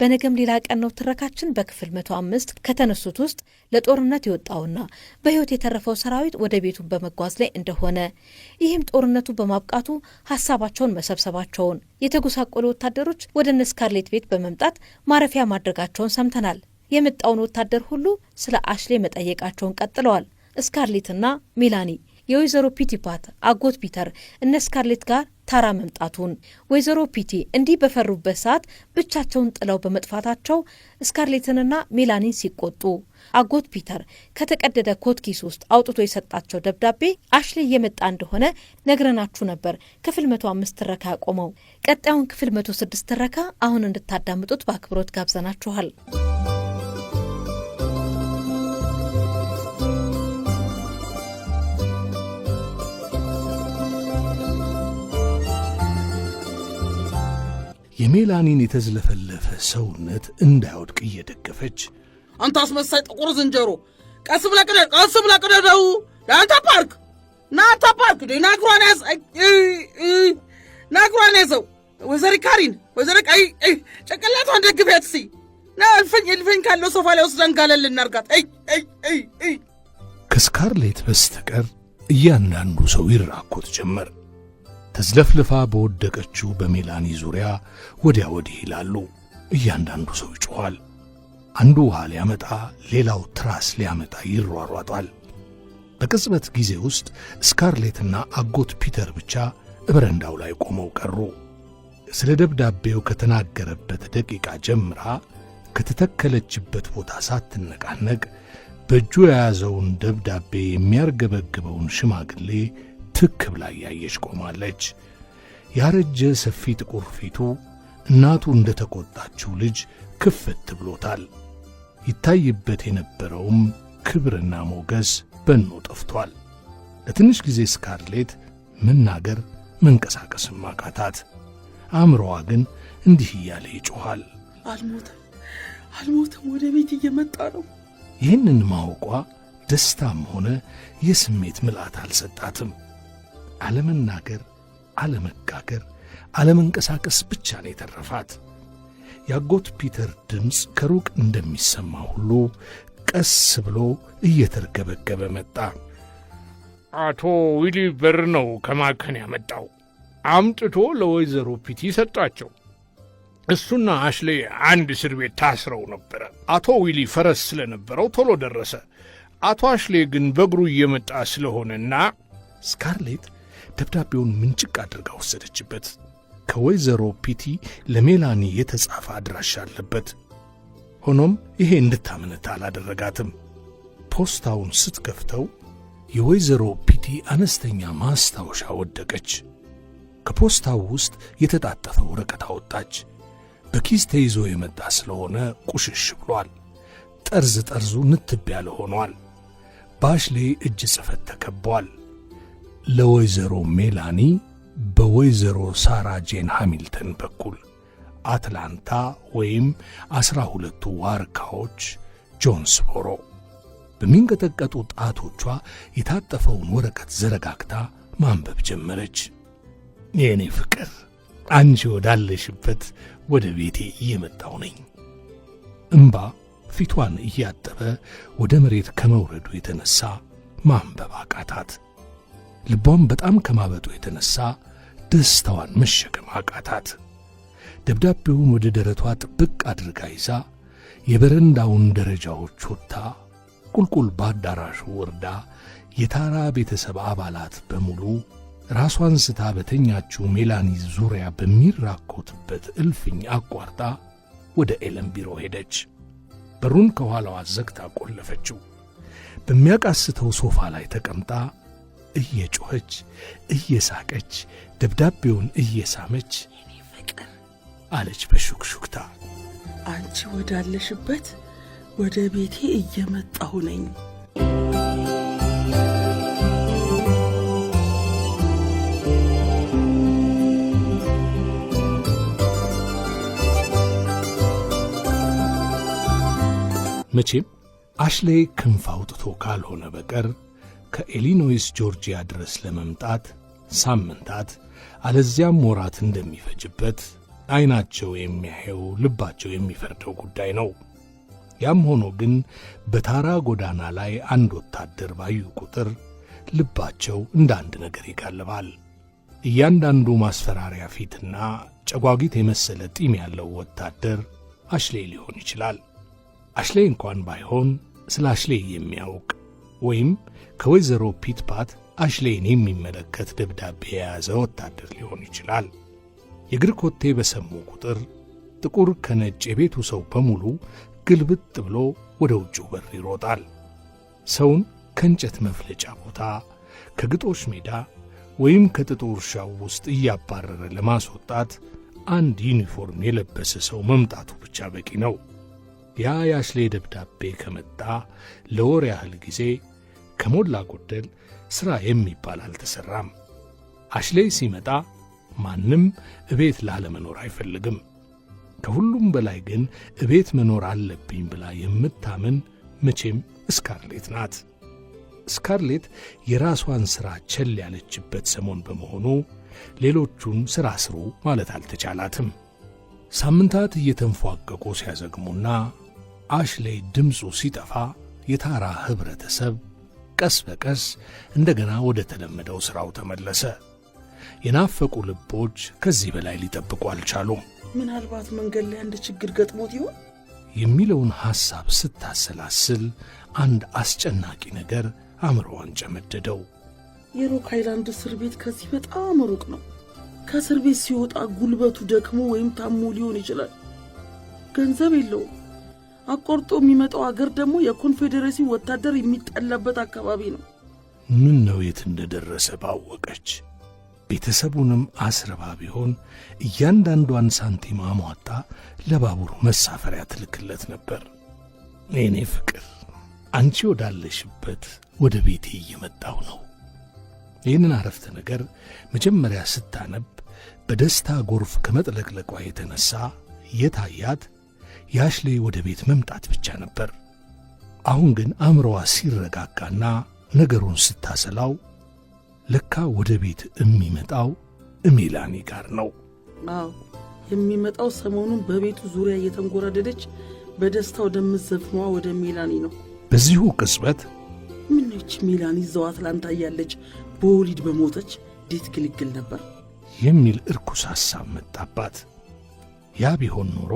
በነገም ሌላ ቀን ነው ትረካችን በክፍል መቶ አምስት ከተነሱት ውስጥ ለጦርነት የወጣውና በህይወት የተረፈው ሰራዊት ወደ ቤቱ በመጓዝ ላይ እንደሆነ ይህም ጦርነቱ በማብቃቱ ሀሳባቸውን መሰብሰባቸውን የተጎሳቆሉ ወታደሮች ወደ ነስካርሌት ቤት በመምጣት ማረፊያ ማድረጋቸውን ሰምተናል። የመጣውን ወታደር ሁሉ ስለ አሽሌ መጠየቃቸውን ቀጥለዋል። ስካርሌትና ሜላኒ የወይዘሮ ፒቲፓት አጎት ፒተር እነ ስካርሌት ጋር ታራ መምጣቱን ወይዘሮ ፒቲ እንዲህ በፈሩበት ሰዓት ብቻቸውን ጥለው በመጥፋታቸው ስካርሌትንና ሜላኒን ሲቆጡ አጎት ፒተር ከተቀደደ ኮት ኪስ ውስጥ አውጥቶ የሰጣቸው ደብዳቤ አሽሌ እየመጣ እንደሆነ ነግረናችሁ ነበር። ክፍል መቶ አምስት ትረካ ያቆመው ቀጣዩን ክፍል መቶ ስድስት ትረካ አሁን እንድታዳምጡት በአክብሮት ጋብዘናችኋል። የሜላኒን የተዝለፈለፈ ሰውነት እንዳይወድቅ እየደገፈች አንተ አስመሳይ ጥቁር ዝንጀሮ፣ ቀስ ብለህ ቅደድ፣ ቀስ ብለህ ቅደደው። ናንተ ፓርክ ናንተ ፓርክ ናግሯን ያዝ፣ ናግሯን ያዘው። ወይዘሪ ካሪን ወይዘሪ ቃይ ጭንቅላቷን ደግፊያት። እስኪ እልፍኝ እልፍኝ ካለው ሶፋ ላይ ውስጥ ጋለል ልናርጋት። ከስካርሌት በስተቀር እያንዳንዱ ሰው ይራኮት ጀመር። ተዝለፍልፋ በወደቀችው በሜላኒ ዙሪያ ወዲያ ወዲህ ይላሉ። እያንዳንዱ ሰው ይጮኋል። አንዱ ውሃ ሊያመጣ፣ ሌላው ትራስ ሊያመጣ ይሯሯጣል። በቅጽበት ጊዜ ውስጥ ስካርሌትና አጎት ፒተር ብቻ በረንዳው ላይ ቆመው ቀሩ። ስለ ደብዳቤው ከተናገረበት ደቂቃ ጀምራ ከተተከለችበት ቦታ ሳትነቃነቅ በእጁ የያዘውን ደብዳቤ የሚያርገበግበውን ሽማግሌ ትክ ብላ እያየች ቆማለች። ያረጀ ሰፊ ጥቁር ፊቱ እናቱ እንደ ተቆጣችው ልጅ ክፍት ብሎታል። ይታይበት የነበረውም ክብርና ሞገስ በኖ ጠፍቷል። ለትንሽ ጊዜ ስካርሌት መናገር መንቀሳቀስም አቃታት። አእምሮዋ ግን እንዲህ እያለ ይጮኋል፣ አልሞተም፣ አልሞተም፣ ወደ ቤት እየመጣ ነው። ይህንን ማወቋ ደስታም ሆነ የስሜት ምልአት አልሰጣትም። አለመናገር፣ አለመጋገር፣ አለመንቀሳቀስ ብቻ ነው የተረፋት። ያጎት ፒተር ድምፅ ከሩቅ እንደሚሰማ ሁሉ ቀስ ብሎ እየተርገበገበ መጣ። አቶ ዊሊ በር ነው ከማከን ያመጣው። አምጥቶ ለወይዘሮ ፒቲ ሰጣቸው። እሱና አሽሌ አንድ እስር ቤት ታስረው ነበረ። አቶ ዊሊ ፈረስ ስለነበረው ቶሎ ደረሰ። አቶ አሽሌ ግን በእግሩ እየመጣ ስለሆነና ስካርሌት ደብዳቤውን ምንጭቅ አድርጋ ወሰደችበት። ከወይዘሮ ፒቲ ለሜላኒ የተጻፈ አድራሻ አለበት። ሆኖም ይሄ እንድታምነት አላደረጋትም። ፖስታውን ስትከፍተው የወይዘሮ ፒቲ አነስተኛ ማስታወሻ ወደቀች። ከፖስታው ውስጥ የተጣጠፈ ወረቀት አወጣች። በኪስ ተይዞ የመጣ ስለሆነ ቁሽሽ ብሏል። ጠርዝ ጠርዙ ንትብ ያለ ሆኗል። ባሽሌ እጅ ጽፈት ተከቧል። ለወይዘሮ ሜላኒ በወይዘሮ ሳራ ጄን ሃሚልተን በኩል አትላንታ ወይም ዐሥራ ሁለቱ ዋርካዎች ጆንስቦሮ በሚንቀጠቀጡ ጣቶቿ የታጠፈውን ወረቀት ዘረጋግታ ማንበብ ጀመረች። የእኔ ፍቅር አንቺ ወዳለሽበት ወደ ቤቴ እየመጣው ነኝ። እምባ ፊቷን እያጠበ ወደ መሬት ከመውረዱ የተነሣ ማንበብ አቃታት። ልቧም በጣም ከማበጡ የተነሳ ደስታዋን መሸከም አቃታት። ደብዳቤውን ወደ ደረቷ ጥብቅ አድርጋ ይዛ የበረንዳውን ደረጃዎች ወጥታ ቁልቁል በአዳራሹ ወርዳ የታራ ቤተሰብ አባላት በሙሉ ራሷን ስታ በተኛችው ሜላኒ ዙሪያ በሚራኮትበት እልፍኝ አቋርጣ ወደ ኤለን ቢሮ ሄደች። በሩን ከኋላዋ ዘግታ ቆለፈችው። በሚያቃስተው ሶፋ ላይ ተቀምጣ እየጮኸች እየሳቀች ደብዳቤውን እየሳመች የኔ ፍቅር አለች በሹክሹክታ አንቺ ወዳለሽበት ወደ ቤቴ እየመጣሁ ነኝ። መቼም አሽሌ ክንፍ አውጥቶ ካልሆነ በቀር ከኢሊኖይስ ጆርጂያ ድረስ ለመምጣት ሳምንታት አለዚያም ወራት እንደሚፈጅበት ዐይናቸው የሚያየው ልባቸው የሚፈርደው ጉዳይ ነው። ያም ሆኖ ግን በታራ ጎዳና ላይ አንድ ወታደር ባዩ ቁጥር ልባቸው እንደ አንድ ነገር ይጋልባል። እያንዳንዱ ማስፈራሪያ ፊትና ጨጓጊት የመሰለ ጢም ያለው ወታደር አሽሌ ሊሆን ይችላል። አሽሌ እንኳን ባይሆን ስለ አሽሌ የሚያውቅ ወይም ከወይዘሮ ፒትፓት አሽሌን የሚመለከት ደብዳቤ የያዘ ወታደር ሊሆን ይችላል። የእግር ኮቴ በሰሙ ቁጥር ጥቁር ከነጭ የቤቱ ሰው በሙሉ ግልብጥ ብሎ ወደ ውጭው በር ይሮጣል። ሰውን ከእንጨት መፍለጫ ቦታ፣ ከግጦሽ ሜዳ ወይም ከጥጡ እርሻው ውስጥ እያባረረ ለማስወጣት አንድ ዩኒፎርም የለበሰ ሰው መምጣቱ ብቻ በቂ ነው። ያ ያሽሌ ደብዳቤ ከመጣ ለወር ያህል ጊዜ ከሞላ ጎደል ሥራ የሚባል አልተሠራም። አሽሌ ሲመጣ ማንም እቤት ላለመኖር አይፈልግም። ከሁሉም በላይ ግን እቤት መኖር አለብኝ ብላ የምታምን መቼም እስካርሌት ናት። እስካርሌት የራሷን ሥራ ቸል ያለችበት ሰሞን በመሆኑ ሌሎቹን ሥራ ስሩ ማለት አልተቻላትም። ሳምንታት እየተንፏቀቁ ሲያዘግሙና አሽሌ ድምፁ ሲጠፋ የታራ ኅብረተሰብ ቀስ በቀስ እንደገና ወደ ተለመደው ሥራው ተመለሰ። የናፈቁ ልቦች ከዚህ በላይ ሊጠብቁ አልቻሉም። ምናልባት መንገድ ላይ አንድ ችግር ገጥሞት ይሆን የሚለውን ሐሳብ ስታሰላስል አንድ አስጨናቂ ነገር አእምሮዋን ጨመደደው። የሮክ ሃይላንድ እስር ቤት ከዚህ በጣም ሩቅ ነው። ከእስር ቤት ሲወጣ ጉልበቱ ደክሞ ወይም ታሞ ሊሆን ይችላል። ገንዘብ የለውም። አቋርጦ የሚመጣው አገር ደግሞ የኮንፌዴሬሲ ወታደር የሚጠላበት አካባቢ ነው። ምን ነው የት እንደደረሰ ባወቀች ቤተሰቡንም አስርባ ቢሆን እያንዳንዷን ሳንቲም አሟጣ ለባቡሩ መሳፈሪያ ትልክለት ነበር። እኔ ፍቅር አንቺ ወዳለሽበት ወደ ቤቴ እየመጣው ነው። ይህንን አረፍተ ነገር መጀመሪያ ስታነብ በደስታ ጎርፍ ከመጥለቅለቋ የተነሣ የታያት የአሽሌ ወደ ቤት መምጣት ብቻ ነበር። አሁን ግን አእምሮዋ ሲረጋጋና ነገሩን ስታሰላው ለካ ወደ ቤት የሚመጣው እሜላኒ ጋር ነው። አዎ የሚመጣው ሰሞኑን በቤቱ ዙሪያ እየተንጎራደደች በደስታ ወደምትዘፍነዋ ወደ ሜላኒ ነው። በዚሁ ቅጽበት ምንች ሜላኒ እዛው አትላንታ እያለች በወሊድ በሞተች እንዴት ግልግል ነበር የሚል እርኩስ ሐሳብ መጣባት። ያ ቢሆን ኖሮ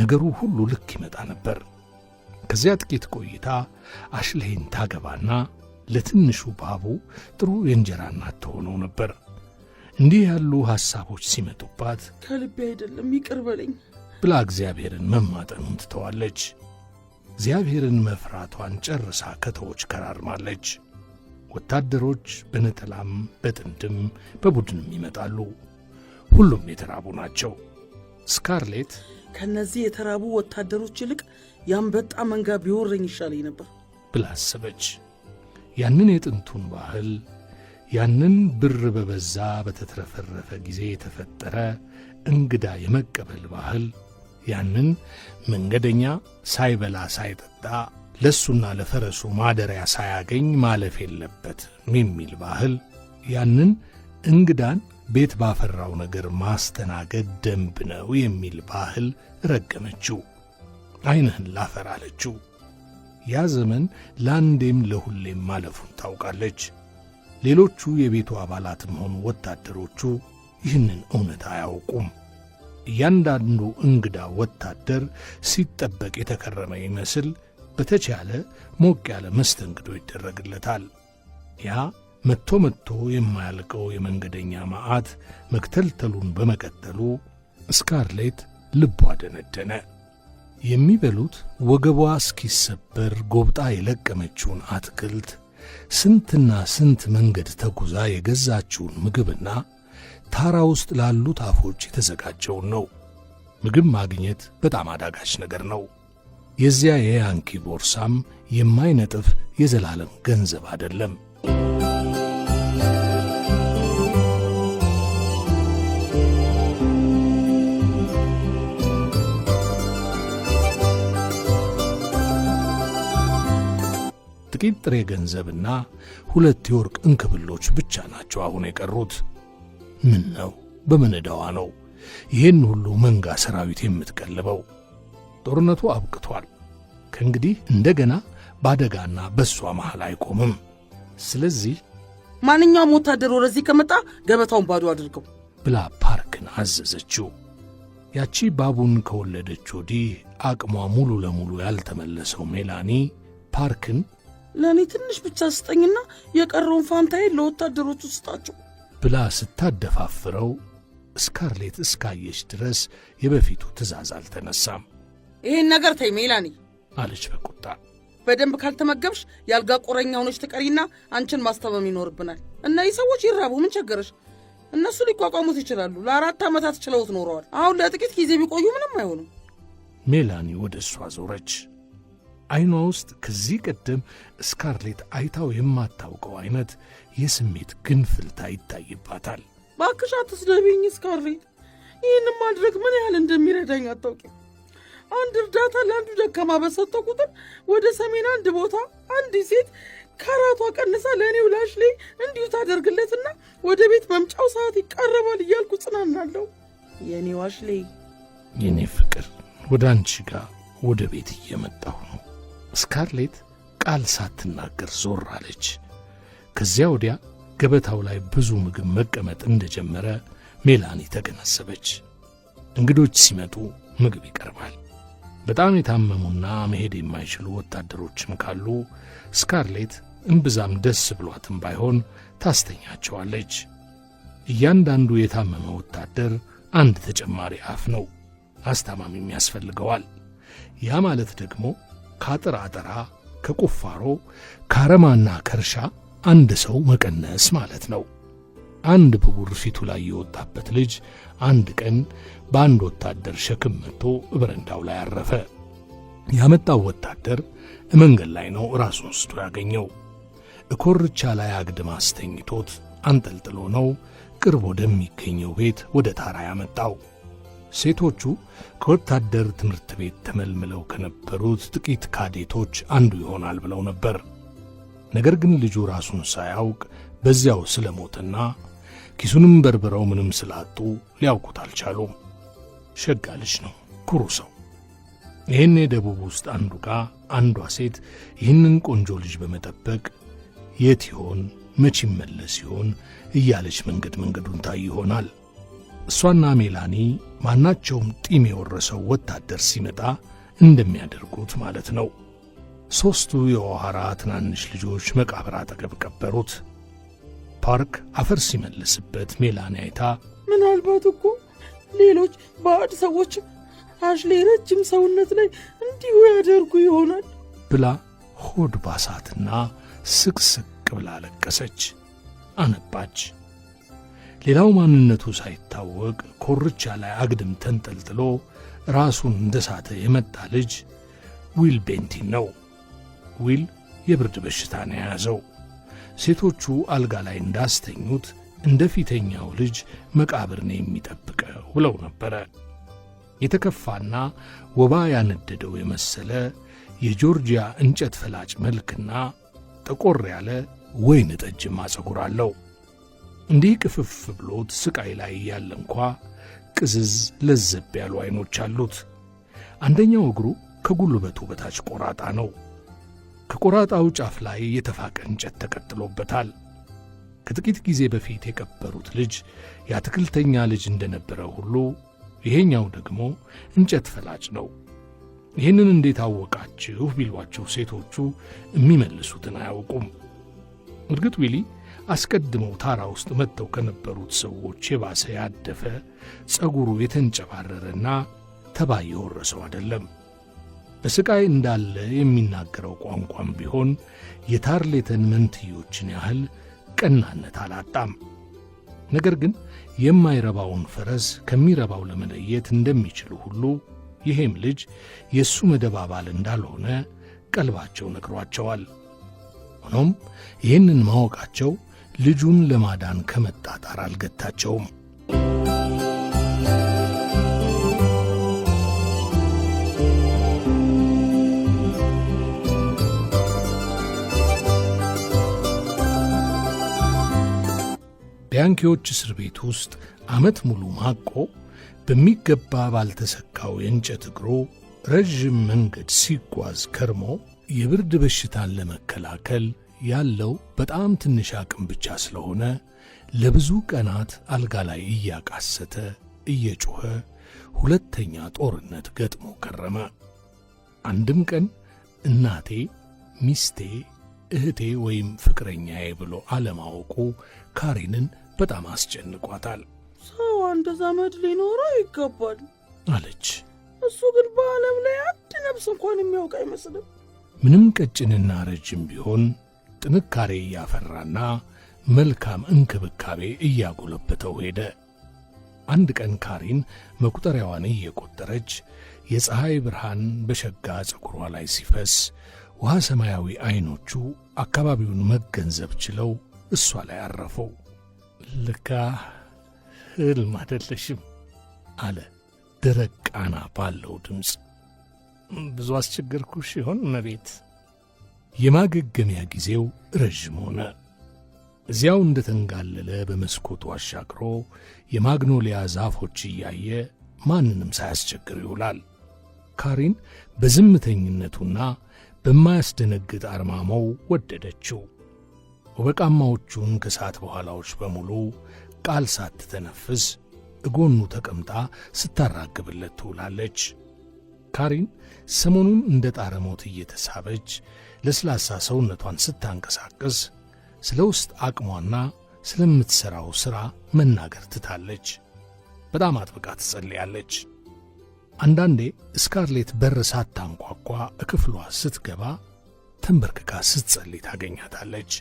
ነገሩ ሁሉ ልክ ይመጣ ነበር። ከዚያ ጥቂት ቆይታ አሽሌይን ታገባና ለትንሹ ባቡ ጥሩ የእንጀራ እናት ትሆነው ነበር። እንዲህ ያሉ ሐሳቦች ሲመጡባት ከልቤ አይደለም ይቅር በለኝ ብላ እግዚአብሔርን መማጠኑን ትተዋለች። እግዚአብሔርን መፍራቷን ጨርሳ ከተዎች ከራርማለች። ወታደሮች በነጠላም በጥንድም በቡድንም ይመጣሉ። ሁሉም የተራቡ ናቸው። ስካርሌት ከእነዚህ የተራቡ ወታደሮች ይልቅ የአንበጣ መንጋ ቢወረኝ ይሻለኝ ነበር ብላ አሰበች። ያንን የጥንቱን ባህል ያንን ብር በበዛ በተትረፈረፈ ጊዜ የተፈጠረ እንግዳ የመቀበል ባህል ያንን መንገደኛ ሳይበላ ሳይጠጣ ለሱና ለፈረሱ ማደሪያ ሳያገኝ ማለፍ የለበትም የሚል ባህል ያንን እንግዳን ቤት ባፈራው ነገር ማስተናገድ ደንብ ነው የሚል ባህል ረገመችው። ዐይንህን ላፈር አለችው። ያ ዘመን ለአንዴም ለሁሌም ማለፉን ታውቃለች። ሌሎቹ የቤቱ አባላትም ሆኑ ወታደሮቹ ይህንን እውነት አያውቁም። እያንዳንዱ እንግዳ ወታደር ሲጠበቅ የተከረመ ይመስል በተቻለ ሞቅ ያለ መስተንግዶ ይደረግለታል። ያ መጥቶ መጥቶ የማያልቀው የመንገደኛ ማዕት መክተልተሉን በመቀጠሉ ስካርሌት ልቧ ደነደነ። የሚበሉት ወገቧ እስኪሰበር ጎብጣ የለቀመችውን አትክልት፣ ስንትና ስንት መንገድ ተጉዛ የገዛችውን ምግብና ታራ ውስጥ ላሉት አፎች የተዘጋጀውን ነው። ምግብ ማግኘት በጣም አዳጋች ነገር ነው። የዚያ የያንኪ ቦርሳም የማይነጥፍ የዘላለም ገንዘብ አይደለም። ጥቂት ጥሬ ገንዘብና ሁለት የወርቅ እንክብሎች ብቻ ናቸው አሁን የቀሩት። ምን ነው በምን ዕዳዋ ነው ይህን ሁሉ መንጋ ሰራዊት የምትቀልበው? ጦርነቱ አብቅቷል። ከእንግዲህ እንደገና በአደጋና በእሷ መሃል አይቆምም። ስለዚህ ማንኛውም ወታደር ወደዚህ ከመጣ ገበታውን ባዶ አድርገው ብላ ፓርክን አዘዘችው። ያቺ ባቡን ከወለደች ወዲህ አቅሟ ሙሉ ለሙሉ ያልተመለሰው ሜላኒ ፓርክን ለእኔ ትንሽ ብቻ ስጠኝና የቀረውን ፋንታዬ ለወታደሮቹ ስጣቸው ብላ ስታደፋፍረው ስካርሌት እስካየች ድረስ የበፊቱ ትእዛዝ አልተነሳም። ይህን ነገር ተይ ሜላኒ አለች በቁጣ በደንብ ካልተመገብሽ የአልጋ ቁረኛ ሆነች ትቀሪና አንቺን ማስተመም ይኖርብናል። እነዚህ ሰዎች ይራቡ፣ ምን ቸገረሽ? እነሱ ሊቋቋሙት ይችላሉ። ለአራት ዓመታት ችለውት ኖረዋል። አሁን ለጥቂት ጊዜ ቢቆዩ ምንም አይሆኑም። ሜላኒ ወደ እሷ ዞረች። አይኗ ውስጥ ከዚህ ቀደም ስካርሌት አይታው የማታውቀው አይነት የስሜት ግንፍልታ ይታይባታል። እባክሽ አትስደቢኝ ስካርሌት፣ ይህን ማድረግ ምን ያህል እንደሚረዳኝ አታውቂም። አንድ እርዳታ ለአንዱ ደካማ በሰጠው ቁጥር ወደ ሰሜን አንድ ቦታ አንዲት ሴት ከራቷ ቀንሳ ውላሽ ላይ እንዲሁ ታደርግለትና ወደ ቤት መምጫው ሰዓት ይቃረባል እያልኩ ጽናናለሁ። የእኔ ዋሽሌ፣ የእኔ ፍቅር፣ ወደ አንቺ ጋር ወደ ቤት እየመጣሁ ነው። ስካርሌት ቃል ሳትናገር ዞር አለች። ከዚያ ወዲያ ገበታው ላይ ብዙ ምግብ መቀመጥ እንደጀመረ ሜላኒ ተገነዘበች። እንግዶች ሲመጡ ምግብ ይቀርባል። በጣም የታመሙና መሄድ የማይችሉ ወታደሮችም ካሉ ስካርሌት እምብዛም ደስ ብሏትም ባይሆን ታስተኛቸዋለች። እያንዳንዱ የታመመ ወታደር አንድ ተጨማሪ አፍ ነው፣ አስታማሚም ያስፈልገዋል። ያ ማለት ደግሞ ከአጥር አጠራ፣ ከቁፋሮ፣ ከአረማና ከእርሻ አንድ ሰው መቀነስ ማለት ነው። አንድ ብጉር ፊቱ ላይ የወጣበት ልጅ አንድ ቀን በአንድ ወታደር ሸክም መጥቶ በረንዳው ላይ አረፈ። ያመጣው ወታደር መንገድ ላይ ነው ራሱን ስቶ ያገኘው። እኮርቻ ላይ አግድም አስተኝቶት አንጠልጥሎ ነው ቅርብ ወደሚገኘው ቤት ወደ ታራ ያመጣው። ሴቶቹ ከወታደር ትምህርት ቤት ተመልምለው ከነበሩት ጥቂት ካዴቶች አንዱ ይሆናል ብለው ነበር። ነገር ግን ልጁ ራሱን ሳያውቅ በዚያው ሞተና ኪሱንም በርብረው ምንም ስላጡ ሊያውቁት አልቻሉም። ሸጋ ልጅ ነው፣ ኩሩ ሰው። ይህን የደቡብ ውስጥ አንዱ ጋ አንዷ ሴት ይህንን ቆንጆ ልጅ በመጠበቅ የት ይሆን መች ይመለስ ይሆን እያለች መንገድ መንገዱን ታይ ይሆናል እሷና ሜላኒ ማናቸውም ጢም የወረሰው ወታደር ሲመጣ እንደሚያደርጉት ማለት ነው። ሦስቱ የኦሃራ ትናንሽ ልጆች መቃብር አጠገብ ቀበሩት። ፓርክ አፈር ሲመልስበት ሜላኒ አይታ ምናልባት እኮ ሌሎች ባዕድ ሰዎች አሽሌ ረጅም ሰውነት ላይ እንዲሁ ያደርጉ ይሆናል ብላ ሆድ ባሳትና ስቅስቅ ብላ ለቀሰች፣ አነባች። ሌላው ማንነቱ ሳይታወቅ ኮርቻ ላይ አግድም ተንጠልጥሎ ራሱን እንደሳተ የመጣ ልጅ ዊል ቤንቲን ነው። ዊል የብርድ በሽታ ነው የያዘው። ሴቶቹ አልጋ ላይ እንዳስተኙት እንደ ፊተኛው ልጅ መቃብር ነው የሚጠብቀው ብለው ነበረ። የተከፋና ወባ ያነደደው የመሰለ የጆርጂያ እንጨት ፈላጭ መልክና ጠቆር ያለ ወይን ጠጅማ ጸጉር አለው። እንዲህ ቅፍፍ ብሎት ስቃይ ላይ ያለ እንኳ ቅዝዝ ለዘብ ያሉ ዐይኖች አሉት። አንደኛው እግሩ ከጉልበቱ በታች ቆራጣ ነው። ከቆራጣው ጫፍ ላይ የተፋቀ እንጨት ተቀጥሎበታል። ከጥቂት ጊዜ በፊት የቀበሩት ልጅ የአትክልተኛ ልጅ እንደነበረ ሁሉ ይሄኛው ደግሞ እንጨት ፈላጭ ነው። ይህንን እንዴት አወቃችሁ ቢሏቸው ሴቶቹ የሚመልሱትን አያውቁም። እርግጥ ዊሊ አስቀድመው ታራ ውስጥ መጥተው ከነበሩት ሰዎች የባሰ ያደፈ ጸጉሩ የተንጨባረረና ተባ የወረሰው አይደለም። በሥቃይ እንዳለ የሚናገረው ቋንቋም ቢሆን የታርሌተን መንትዮችን ያህል ቀናነት አላጣም። ነገር ግን የማይረባውን ፈረስ ከሚረባው ለመለየት እንደሚችሉ ሁሉ ይሄም ልጅ የእሱ መደብ አባል እንዳልሆነ ቀልባቸው ነግሯቸዋል። ሆኖም ይህንን ማወቃቸው ልጁን ለማዳን ከመጣጣር አልገታቸውም። ቢያንኪዎች እስር ቤት ውስጥ ዓመት ሙሉ ማቆ በሚገባ ባልተሰካው የእንጨት እግሩ ረዥም መንገድ ሲጓዝ ከርሞ የብርድ በሽታን ለመከላከል ያለው በጣም ትንሽ አቅም ብቻ ስለሆነ ለብዙ ቀናት አልጋ ላይ እያቃሰተ እየጮኸ ሁለተኛ ጦርነት ገጥሞ ከረመ። አንድም ቀን እናቴ ሚስቴ፣ እህቴ ወይም ፍቅረኛዬ ብሎ አለማወቁ ካሬንን በጣም አስጨንቋታል። ሰው አንድ ዘመድ ሊኖረው ይገባል አለች። እሱ ግን በዓለም ላይ አንድ ነፍስ እንኳን የሚያውቅ አይመስልም። ምንም ቀጭንና ረጅም ቢሆን ጥንካሬ እያፈራና መልካም እንክብካቤ እያጎለበተው ሄደ። አንድ ቀን ካሪን መቁጠሪያዋን እየቆጠረች የፀሐይ ብርሃን በሸጋ ፀጉሯ ላይ ሲፈስ ውሃ ሰማያዊ ዐይኖቹ አካባቢውን መገንዘብ ችለው እሷ ላይ አረፈው። ልካ ህልም አደለሽም! አለ ደረቅ ቃና ባለው ድምፅ። ብዙ አስቸገርኩሽ ይሆን መቤት? የማገገሚያ ጊዜው ረዥም ሆነ። እዚያው እንደ ተንጋለለ በመስኮቱ አሻግሮ የማግኖሊያ ዛፎች እያየ ማንንም ሳያስቸግር ይውላል። ካሪን በዝምተኝነቱና በማያስደነግጥ አርማማው ወደደችው። ወበቃማዎቹን ከሰዓት በኋላዎች በሙሉ ቃል ሳትተነፍስ እጎኑ ተቀምጣ ስታራግብለት ትውላለች። ካሪን ሰሞኑን እንደ ጣረ ሞት እየተሳበች ለስላሳ ሰውነቷን ስታንቀሳቅስ ስለ ውስጥ አቅሟና ስለምትሠራው ሥራ መናገር ትታለች። በጣም አጥብቃ ትጸልያለች። አንዳንዴ እስካርሌት በር ሳታንኳኳ እክፍሏ ስትገባ ተንበርክካ ስትጸልይ ታገኛታለች።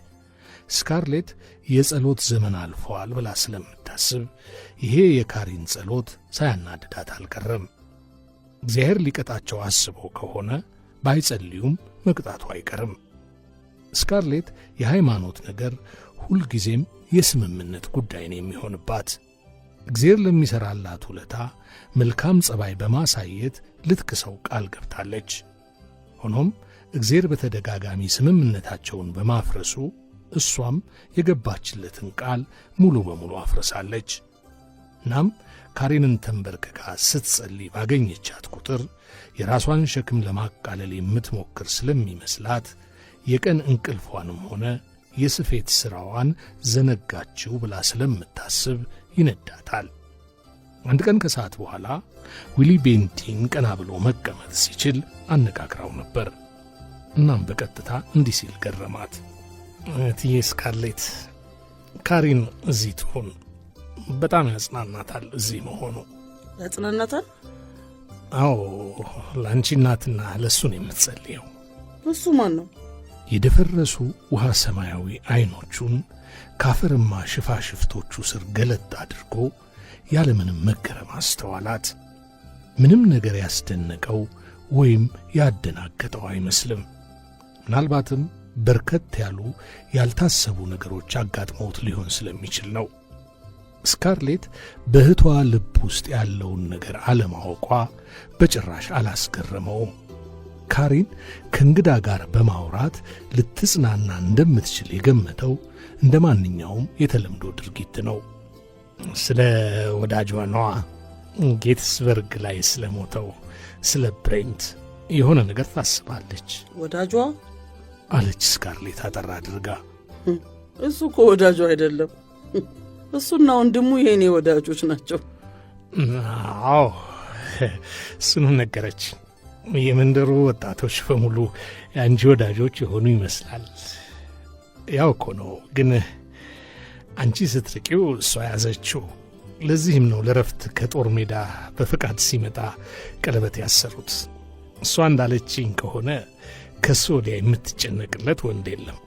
ስካርሌት የጸሎት ዘመን አልፈዋል ብላ ስለምታስብ ይሄ የካሪን ጸሎት ሳያናድዳት አልቀረም። እግዚአብሔር ሊቀጣቸው አስቦ ከሆነ ባይጸልዩም መቅጣቱ አይቀርም። ስካርሌት የሃይማኖት ነገር ሁልጊዜም የስምምነት ጉዳይ ነው የሚሆንባት። እግዜር ለሚሠራላት ውለታ መልካም ጸባይ በማሳየት ልትክሰው ቃል ገብታለች። ሆኖም እግዜር በተደጋጋሚ ስምምነታቸውን በማፍረሱ እሷም የገባችለትን ቃል ሙሉ በሙሉ አፍርሳለች። እናም ካሬንን ተንበርክካ ስትጸልይ ባገኘቻት ቁጥር የራሷን ሸክም ለማቃለል የምትሞክር ስለሚመስላት የቀን እንቅልፏንም ሆነ የስፌት ሥራዋን ዘነጋችው ብላ ስለምታስብ ይነዳታል። አንድ ቀን ከሰዓት በኋላ ዊሊ ቤንቲን ቀና ብሎ መቀመጥ ሲችል አነጋግራው ነበር። እናም በቀጥታ እንዲህ ሲል ገረማት። እትዬ ስካርሌት ካሪን እዚህ ትሆን በጣም ያጽናናታል እዚህ መሆኑ ያጽናናታል። አዎ ለአንቺ እናትና ለእሱን የምትጸልየው እሱ ማን ነው? የደፈረሱ ውሃ ሰማያዊ አይኖቹን ካፈርማ ሽፋሽፍቶቹ ስር ገለጥ አድርጎ ያለምንም መገረም አስተዋላት። ምንም ነገር ያስደነቀው ወይም ያደናገጠው አይመስልም። ምናልባትም በርከት ያሉ ያልታሰቡ ነገሮች አጋጥመውት ሊሆን ስለሚችል ነው። ስካርሌት በእህቷ ልብ ውስጥ ያለውን ነገር አለማወቋ በጭራሽ አላስገረመውም። ካሪን ከእንግዳ ጋር በማውራት ልትጽናና እንደምትችል የገመተው እንደ ማንኛውም የተለምዶ ድርጊት ነው። ስለ ወዳጇ ነዋ፣ ጌትስበርግ ላይ ስለሞተው ስለ ብሬንት የሆነ ነገር ታስባለች። ወዳጇ አለች ስካርሌት አጠር አድርጋ። እሱ እኮ ወዳጇ አይደለም እሱና ወንድሙ የእኔ ወዳጆች ናቸው። አዎ እሱኑ ነገረች። የመንደሩ ወጣቶች በሙሉ የአንቺ ወዳጆች የሆኑ ይመስላል። ያው እኮ ነው፣ ግን አንቺ ስትርቂው እሷ ያዘችው። ለዚህም ነው ለረፍት ከጦር ሜዳ በፍቃድ ሲመጣ ቀለበት ያሰሩት። እሷ እንዳለችኝ ከሆነ ከሱ ወዲያ የምትጨነቅለት ወንድ የለም።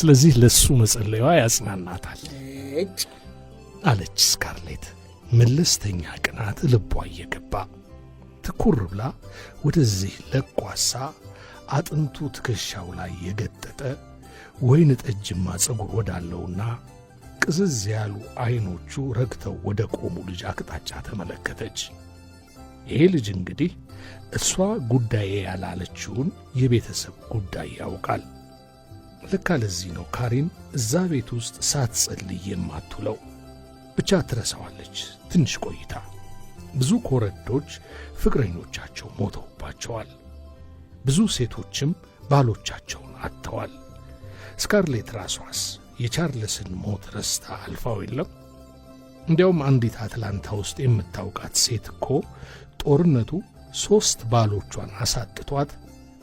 ስለዚህ ለሱ መጸለያዋ ያጽናናታል። አለች ስካርሌት መለስተኛ ቅናት ልቧ እየገባ ትኩር ብላ ወደዚህ ለቋሳ አጥንቱ ትከሻው ላይ የገጠጠ ወይን ጠጅማ ፀጉር ወዳለውና ቅዝዝ ያሉ ዐይኖቹ ረግተው ወደ ቆሙ ልጅ አቅጣጫ ተመለከተች። ይሄ ልጅ እንግዲህ እሷ ጉዳዬ ያላለችውን የቤተሰብ ጉዳይ ያውቃል። ለካ ለዚህ ነው ካሪን እዛ ቤት ውስጥ ሳትጸልይ የማትውለው። ብቻ ትረሳዋለች። ትንሽ ቆይታ ብዙ ኮረዶች ፍቅረኞቻቸው ሞተውባቸዋል። ብዙ ሴቶችም ባሎቻቸውን አጥተዋል። ስካርሌት ራሷስ የቻርልስን ሞት ረስታ አልፋው የለም። እንዲያውም አንዲት አትላንታ ውስጥ የምታውቃት ሴት እኮ ጦርነቱ ሦስት ባሎቿን አሳጥቷት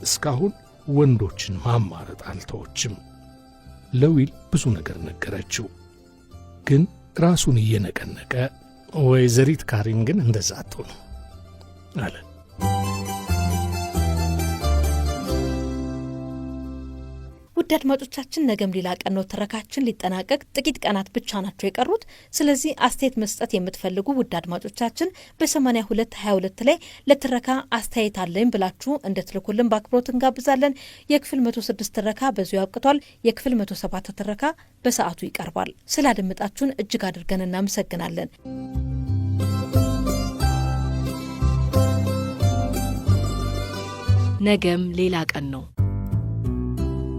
እስካሁን ወንዶችን ማማረጥ አልተወችም። ለዊል ብዙ ነገር ነገረችው ግን ራሱን እየነቀነቀ ወይዘሪት ካሪም ግን እንደዛ አትሆንም አለ። ውድ አድማጮቻችን ነገም ሌላ ቀን ነው። ትረካችን ሊጠናቀቅ ጥቂት ቀናት ብቻ ናቸው የቀሩት። ስለዚህ አስተያየት መስጠት የምትፈልጉ ውድ አድማጮቻችን በ8222 ላይ ለትረካ አስተያየት አለኝ ብላችሁ እንድትልኩልን በአክብሮት እንጋብዛለን። የክፍል 106 ትረካ በዚሁ ያብቅቷል። የክፍል 107 ትረካ በሰዓቱ ይቀርባል። ስላደመጣችሁን እጅግ አድርገን እናመሰግናለን። ነገም ሌላ ቀን ነው።